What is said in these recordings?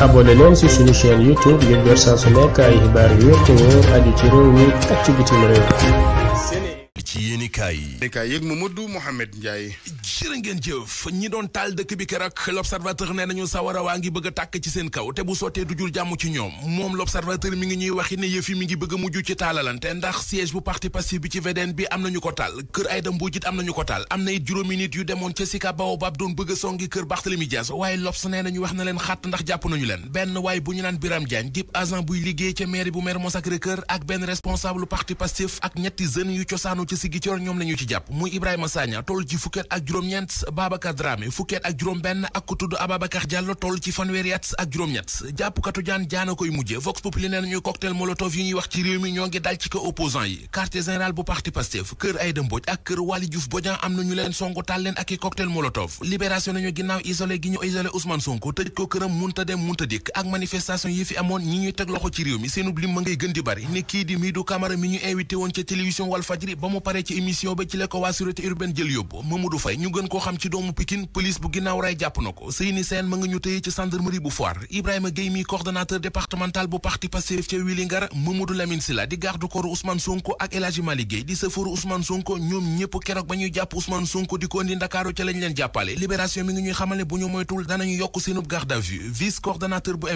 abonné leen ci suñu chaîne YouTube ngir jot saa su nekk ay xibaar yu wér ci réew mi ak ci bitim réew. ci yéenekaay yi. yéenekaay yeeg Mamadou Mouhamed Ndiaye. jërë ngeen jëf ñi doon taal dëkk bi keroog l'observateur nee nañu sawara waa ngi bëgg a tàkk ci seen kaw te bu sottee du jur jàmm ci ñoom moom l'observateur mi ngi ñuy waxi ne yëf mi ngi bëgg a mujj ci taalalante ndax siège bu parti Pastef bi ci VDN bi am nañu ko taal kër Aïda Mbodj it am nañu ko taal am na it juróomi nit yu demoon ca Sicap Baobab doon bëgg a songi kër Barthélémy Dias waaye l'Obs nee nañu wax na leen xàtt ndax jàpp nañu leen benn waay bu ñu naan Biram Diagne dib agent buy liggéey ca mairie juróom-ñeent Babacar Dramé fukkeet ak juróom-benn ak ku tudd Ababacar Diallo toll ci fanweeri at ak juróom-ñett jàppkatu jaan jaana koy mujje Vox Populi nee nañu cocktail molotov yi ñuy wax ci réew mi ñoo ngi dal ci ko opposant yi quartier général bu parti Pastef kër Aïda Mbodj ak kër Waly Diouf Bodian am nañu leen songu taal leen ak i cocktail molotov libération nañu ginnaaw isolé gi ñu isolé Ousmane Sonko tëj ko këram munta dem munta dikk ak manifestation yi fi amoon ñi ñuy teg loxo ci réew mi seenub lim ma ngay gën kii di Midou woon ca télévision Walfadjri ba mu paree émission ba ci la ko ñu gën koo xam ci doomu Pikine police bu ginnaaw ray jàpp na ko Seyni Sène ma nga ñu téye ci gendarmerie bu Foire Ibrahima Gueye mi coordonnateur bu parti Pastef ca Vélingara Mamadou Lamine Sylla di garde corps Ousmane Sonko ak El Hadji di sëfaru Ousmane Sonko ñoom ñëpp keroog ba ñuy jàpp Ousmane Sonko di ko indi Ndakaaru ca lañ leen jàppale libération mi ngi ñuy xamal ne bu ñu moytul danañu yokk seenub garde à vue vice coordonnateur bu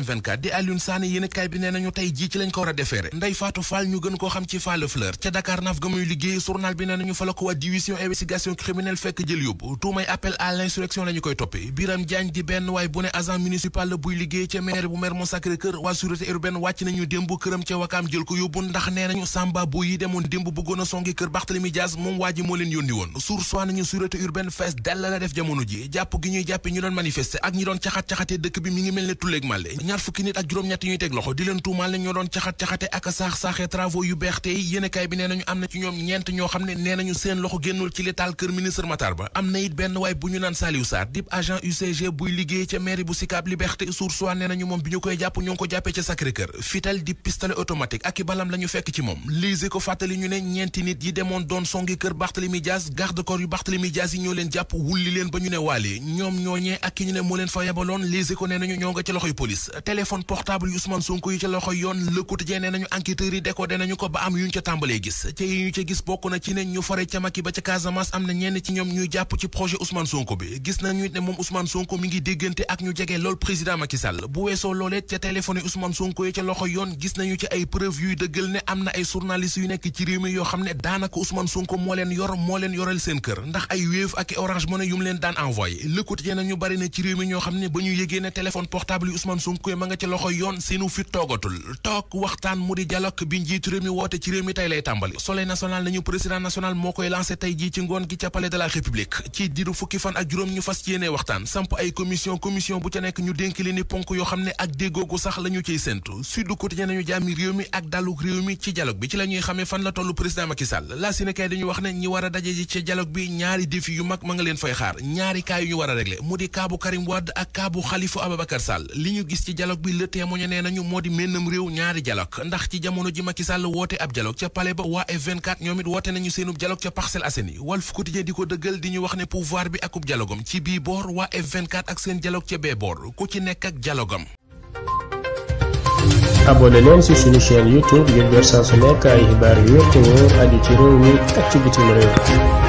yóbbu tuumay appel à l'insurrection la ñu koy toppee Biram Diagne di benn waaye bu ne agent municipal la buy liggéey ca maire bu maire Mermoz-Sacré-Cœur waa sûreté urbaine wàcc nañu démb këram ca wakaam jël ko yóbbu ndax nee nañu samba bu yi demoon démb bëggoon a kër Barthélemy Dias moom waa ji moo leen yónni woon sour soi nañu sûreté urbaine fees dell la def jamono ji jàpp gi ñuy jàppe ñu doon manifester ak ñi doon caxat-caxatee dëkk bi mi ngi mel ne tulleeg màlle ñaar fukki nit ak juróom-ñett ñuy teg loxo di leen tuumaal ne ñoo doon caxat-caxate ak saax-saaxee travaux bi nee nañu am na ci ñoom ñeent ñoo xam ne nee nañu seen loxo génnul ci li kër ministre Matar Ba am na it benn waay bu ñu naan Saliou Sarr dib agent UCG buy liggéey ca mairie bu Sicap Liberté sour soit nee nañu moom bi ñu koy jàpp ñu ko jàppee ca Sacré Cœur fital di pistolet automatique ak i balam la ñu fekk ci moom liise ko fàttali ñu ne ñeenti nit yi demoon doon songi kër Barthélemy Dias garde corps yu Barthélemy Dias yi ñoo leen jàpp wulli leen ba ñu ne waale ñoom ñooñee ak ki ñu ne moo leen fa yebaloon liise ko nee nañu ñoo nga jàpp ci projet Ousmane Sonko bi gis nañu ne moom usman Sonko mi ngi déggante ak ñu jege lool président Macky Sall bu weesoo loolee ca téléphone yi Ousmane Sonko yi loxo yoon gis nañu ci ay preuve yuy dëggal ne am na ay journalistes yu nekk ci réew mi yoo xam ne daanaka Ousmane Sonko moo leen yor moo leen yoreel seen kër ndax ay Wave ak Orange Money yu mu leen daan envoyé lëkkati yee nañu bari na ci réew mi ñoo xam ne ba ñu yégee ne téléphone portable yi Ousmane Sonko ma nga ca loxo yoon seenu fit toogatul toog waxtaan mu di dialogue bi njiitu réew mi woote ci réew mi tey lay tàmbali Soleil national nañu président national moo koy lancé tey ci ngoon gi ca palais de nag ci diiru fukki fan ak juróom ñu fas yéene waxtaan samp ay commission commission bu ca nekk ñu dénk leen ni ponk yoo xam ne ak déggoogu sax la ñu ciy séntu Sud nañu jàmmi réew mi ak dallu réew mi ci dialogue bi ci la ñuy xamee fan la tollu président Macky Sall la Sénégal dañu wax ne ñi war a daje ji ci dialogue bi ñaari défi yu mag ma nga leen fay xaar ñaari kaa yu ñu war a mu di kaabu Karim Wade ak kaabu Khalifa Ababacar Sall li ñu gis ci dialogue bi le témoigné nee moo di mennam réew ñaari dialogue ndax ci jamono ji Macky Sall woote ab dialogue ca palais ba waa wax ne bi akub dialogam ci bii boor waa ak seen dialogue ca bee ku ci nekk ak dialogam. abonné leen ci suñu chaîne YouTube ngir su nekk ay xibaar yu wér te ci réew mi ak ci réew.